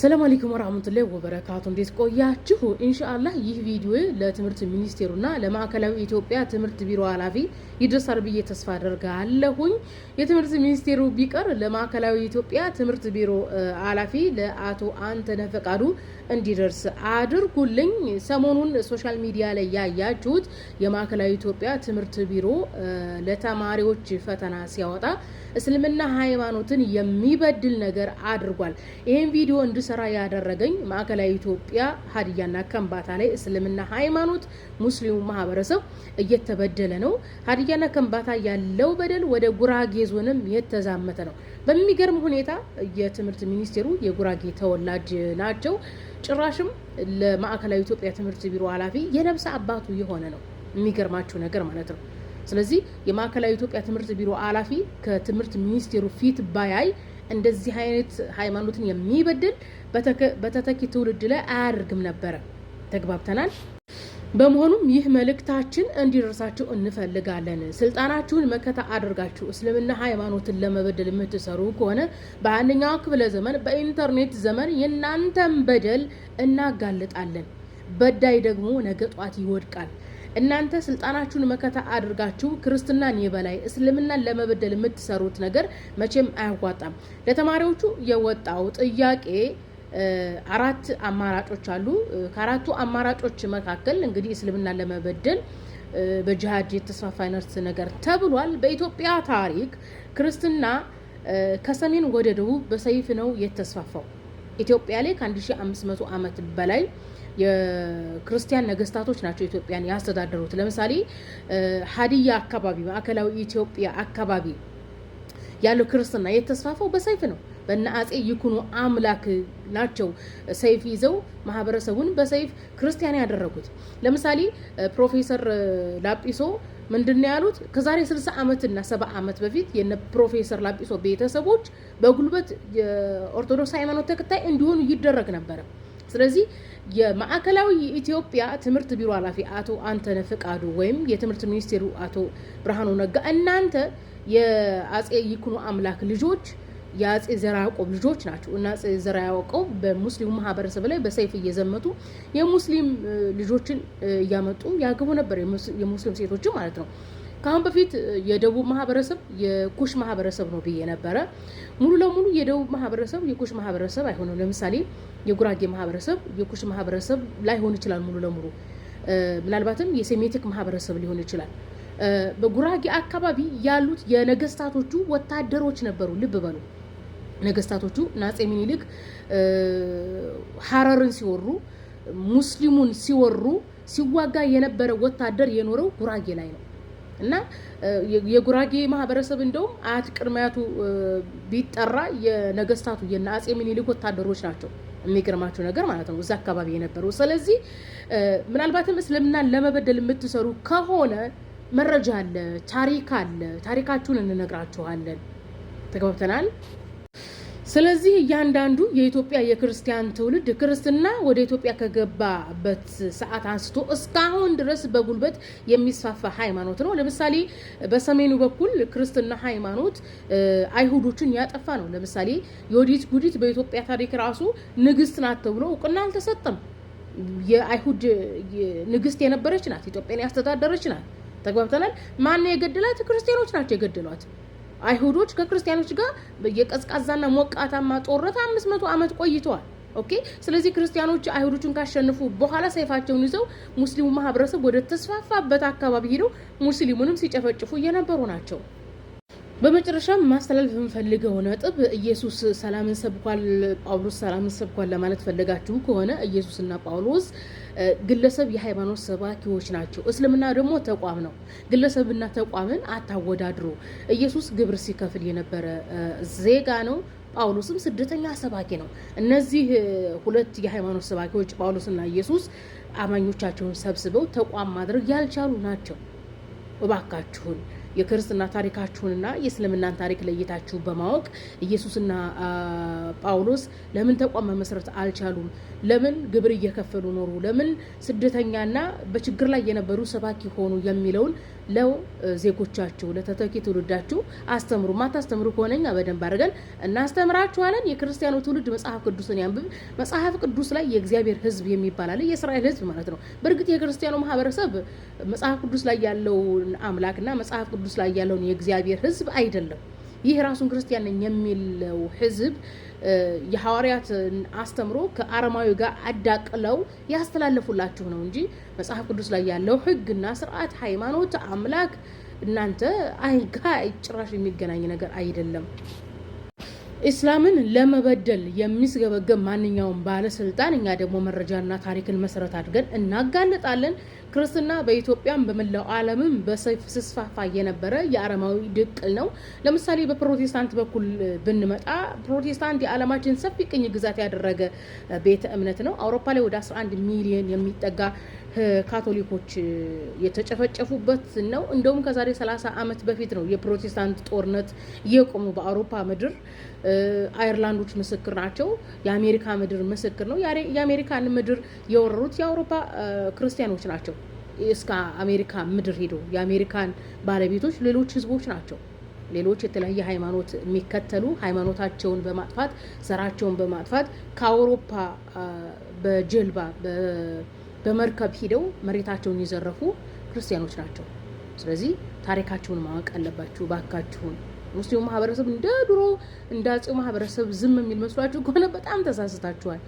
ሰላም አለይኩም ወራህመቱላሂ ወበረካቱ እንዴት ቆያችሁ? ኢንሻአላህ ይህ ቪዲዮ ለትምህርት ሚኒስቴሩና ለማዕከላዊ ኢትዮጵያ ትምህርት ቢሮ ኃላፊ ይደርሳል ብዬ ተስፋ አደርጋለሁኝ። የትምህርት ሚኒስቴሩ ቢቀር ለማዕከላዊ ኢትዮጵያ ትምህርት ቢሮ ኃላፊ ለአቶ አንተነህ ፈቃዱ እንዲደርስ አድርጉልኝ። ሰሞኑን ሶሻል ሚዲያ ላይ ያያችሁት የማዕከላዊ ኢትዮጵያ ትምህርት ቢሮ ለተማሪዎች ፈተና ሲያወጣ እስልምና ሃይማኖትን የሚበድል ነገር አድርጓል። ይሄን ቪዲዮ እንድሰራ ያደረገኝ ማዕከላዊ ኢትዮጵያ ሀዲያና ከምባታ ላይ እስልምና ሃይማኖት ሙስሊሙ ማህበረሰብ እየተበደለ ነው። ሀዲያና ከምባታ ያለው በደል ወደ ጉራጌ ዞንም የተዛመተ ነው። በሚገርም ሁኔታ የትምህርት ሚኒስቴሩ የጉራጌ ተወላጅ ናቸው። ጭራሽም ለማዕከላዊ ኢትዮጵያ ትምህርት ቢሮ ኃላፊ የነብሰ አባቱ የሆነ ነው። የሚገርማችሁ ነገር ማለት ነው። ስለዚህ የማዕከላዊ ኢትዮጵያ ትምህርት ቢሮ ኃላፊ ከትምህርት ሚኒስቴሩ ፊት ባያይ እንደዚህ አይነት ሃይማኖትን የሚበድል በተተኪ ትውልድ ላይ አያደርግም ነበረ። ተግባብተናል። በመሆኑም ይህ መልእክታችን እንዲደርሳችሁ እንፈልጋለን። ስልጣናችሁን መከታ አድርጋችሁ እስልምና ሃይማኖትን ለመበደል የምትሰሩ ከሆነ በአንደኛው ክፍለ ዘመን በኢንተርኔት ዘመን የእናንተን በደል እናጋልጣለን። በዳይ ደግሞ ነገ ጧት ይወድቃል። እናንተ ስልጣናችሁን መከታ አድርጋችሁ ክርስትናን የበላይ እስልምናን ለመበደል የምትሰሩት ነገር መቼም አያዋጣም። ለተማሪዎቹ የወጣው ጥያቄ አራት አማራጮች አሉ። ከአራቱ አማራጮች መካከል እንግዲህ እስልምናን ለመበደል በጂሃድ የተስፋፋ ነርስ ነገር ተብሏል። በኢትዮጵያ ታሪክ ክርስትና ከሰሜን ወደ ደቡብ በሰይፍ ነው የተስፋፋው። ኢትዮጵያ ላይ ከ1500 ዓመት በላይ የክርስቲያን ነገስታቶች ናቸው ኢትዮጵያን ያስተዳደሩት። ለምሳሌ ሀዲያ አካባቢ ማዕከላዊ ኢትዮጵያ አካባቢ ያለው ክርስትና የተስፋፋው በሰይፍ ነው። በነ አጼ ይኩኖ አምላክ ናቸው ሰይፍ ይዘው ማህበረሰቡን በሰይፍ ክርስቲያን ያደረጉት። ለምሳሌ ፕሮፌሰር ላጲሶ ምንድን ያሉት? ከዛሬ 60 ዓመትና ሰባ ዓመት በፊት የነ ፕሮፌሰር ላጲሶ ቤተሰቦች በጉልበት የኦርቶዶክስ ሃይማኖት ተከታይ እንዲሆኑ ይደረግ ነበረ። ስለዚህ የማዕከላዊ የኢትዮጵያ ትምህርት ቢሮ ኃላፊ አቶ አንተነ ፍቃዱ ወይም የትምህርት ሚኒስቴሩ አቶ ብርሃኑ ነጋ እናንተ የአጼ ይኩኖ አምላክ ልጆች የአጼ ዘርዓ ያዕቆብ ልጆች ናቸው እና አጼ ዘርዓ ያዕቆብ በሙስሊሙ ማህበረሰብ ላይ በሰይፍ እየዘመቱ የሙስሊም ልጆችን እያመጡ ያገቡ ነበር፣ የሙስሊም ሴቶችን ማለት ነው። ከአሁን በፊት የደቡብ ማህበረሰብ የኩሽ ማህበረሰብ ነው ብዬ ነበረ። ሙሉ ለሙሉ የደቡብ ማህበረሰብ የኩሽ ማህበረሰብ አይሆንም። ለምሳሌ የጉራጌ ማህበረሰብ የኩሽ ማህበረሰብ ላይሆን ይችላል ሙሉ ለሙሉ ምናልባትም የሴሜቲክ ማህበረሰብ ሊሆን ይችላል። በጉራጌ አካባቢ ያሉት የነገስታቶቹ ወታደሮች ነበሩ። ልብ በሉ ነገስታቶቹ አፄ ምኒልክ ሀረርን ሲወሩ ሙስሊሙን ሲወሩ ሲዋጋ የነበረ ወታደር የኖረው ጉራጌ ላይ ነው። እና የጉራጌ ማህበረሰብ እንደውም አያት ቅድሚያቱ ቢጠራ የነገስታቱ የነ አጼ ምኒልክ ወታደሮች ናቸው። የሚገርማቸው ነገር ማለት ነው እዛ አካባቢ የነበሩ። ስለዚህ ምናልባትም እስልምናን ለመበደል የምትሰሩ ከሆነ መረጃ አለ፣ ታሪክ አለ። ታሪካችሁን እንነግራችኋለን። ተግባብተናል። ስለዚህ እያንዳንዱ የኢትዮጵያ የክርስቲያን ትውልድ ክርስትና ወደ ኢትዮጵያ ከገባበት ሰዓት አንስቶ እስካሁን ድረስ በጉልበት የሚስፋፋ ሃይማኖት ነው። ለምሳሌ በሰሜኑ በኩል ክርስትና ሃይማኖት አይሁዶችን ያጠፋ ነው። ለምሳሌ የወዲት ጉዲት በኢትዮጵያ ታሪክ ራሱ ንግስት ናት ተብሎ እውቅና አልተሰጠም። የአይሁድ ንግስት የነበረች ናት። ኢትዮጵያን ያስተዳደረች ናት። ተግባብተናል። ማን የገደላት? ክርስቲያኖች ናቸው የገደሏት። አይሁዶች ከክርስቲያኖች ጋር የቀዝቃዛና ሞቃታማ ጦርነት አምስት መቶ ዓመት ቆይተዋል። ኦኬ ስለዚህ ክርስቲያኖች አይሁዶችን ካሸንፉ በኋላ ሰይፋቸውን ይዘው ሙስሊሙ ማህበረሰብ ወደ ተስፋፋበት አካባቢ ሄደው ሙስሊሙንም ሲጨፈጭፉ እየነበሩ ናቸው። በመጨረሻም ማስተላለፍ የምፈልገው ነጥብ ኢየሱስ ሰላምን ሰብኳል፣ ጳውሎስ ሰላምን ሰብኳል ለማለት ፈለጋችሁ ከሆነ ኢየሱስና ጳውሎስ ግለሰብ የሃይማኖት ሰባኪዎች ናቸው። እስልምና ደግሞ ተቋም ነው። ግለሰብና ተቋምን አታወዳድሩ። ኢየሱስ ግብር ሲከፍል የነበረ ዜጋ ነው። ጳውሎስም ስደተኛ ሰባኪ ነው። እነዚህ ሁለት የሃይማኖት ሰባኪዎች ጳውሎስና ኢየሱስ አማኞቻቸውን ሰብስበው ተቋም ማድረግ ያልቻሉ ናቸው። እባካችሁን የክርስትና ታሪካችሁንና የእስልምናን ታሪክ ለይታችሁ በማወቅ ኢየሱስና ጳውሎስ ለምን ተቋም መመስረት አልቻሉም? ለምን ግብር እየከፈሉ ኖሩ? ለምን ስደተኛና በችግር ላይ የነበሩ ሰባኪ ሆኑ? የሚለውን ዜጎቻችሁ ለተተኪ ትውልዳችሁ አስተምሩ። ማታስተምሩ ከሆነኛ በደንብ አድርገን እናስተምራችኋለን። የክርስቲያኑ ትውልድ መጽሐፍ ቅዱስን ያንብብ። መጽሐፍ ቅዱስ ላይ የእግዚአብሔር ሕዝብ የሚባል አለ፣ የእስራኤል ሕዝብ ማለት ነው። በእርግጥ የክርስቲያኑ ማህበረሰብ መጽሐፍ ቅዱስ ላይ ያለውን አምላክና መጽሐፍ ቅዱስ ላይ ያለውን የእግዚአብሔር ሕዝብ አይደለም። ይህ ራሱን ክርስቲያን ነኝ የሚለው ሕዝብ የሐዋርያትን አስተምሮ ከአረማዊ ጋር አዳቅለው ያስተላለፉላችሁ ነው እንጂ መጽሐፍ ቅዱስ ላይ ያለው ሕግና ስርዓት፣ ሃይማኖት፣ አምላክ እናንተ አይጋ ጭራሽ የሚገናኝ ነገር አይደለም። ኢስላምን ለመበደል የሚስገበገብ ማንኛውም ባለስልጣን እኛ ደግሞ መረጃና ታሪክን መሰረት አድርገን እናጋልጣለን። ክርስትና በኢትዮጵያም በመላው ዓለምም ስስፋፋ የነበረ የአረማዊ ድቅል ነው። ለምሳሌ በፕሮቴስታንት በኩል ብንመጣ ፕሮቴስታንት የዓለማችን ሰፊ ቅኝ ግዛት ያደረገ ቤተ እምነት ነው። አውሮፓ ላይ ወደ 11 ሚሊዮን የሚጠጋ ካቶሊኮች የተጨፈጨፉበት ነው። እንደውም ከዛሬ 30 ዓመት በፊት ነው የፕሮቴስታንት ጦርነት የቆሙ በአውሮፓ ምድር አይርላንዶች ምስክር ናቸው። የአሜሪካ ምድር ምስክር ነው። የአሜሪካን ምድር የወረሩት የአውሮፓ ክርስቲያኖች ናቸው። እስከ አሜሪካ ምድር ሄደው የአሜሪካን ባለቤቶች ሌሎች ህዝቦች ናቸው። ሌሎች የተለያየ ሃይማኖት የሚከተሉ ሃይማኖታቸውን በማጥፋት ዘራቸውን በማጥፋት ከአውሮፓ በጀልባ በመርከብ ሂደው መሬታቸውን የዘረፉ ክርስቲያኖች ናቸው። ስለዚህ ታሪካቸውን ማወቅ አለባችሁ ባካችሁን። ሙስሊሙ ማህበረሰብ እንደ ድሮ እንደ አጼው ማህበረሰብ ዝም የሚል መስሏችሁ ከሆነ በጣም ተሳስታችኋል።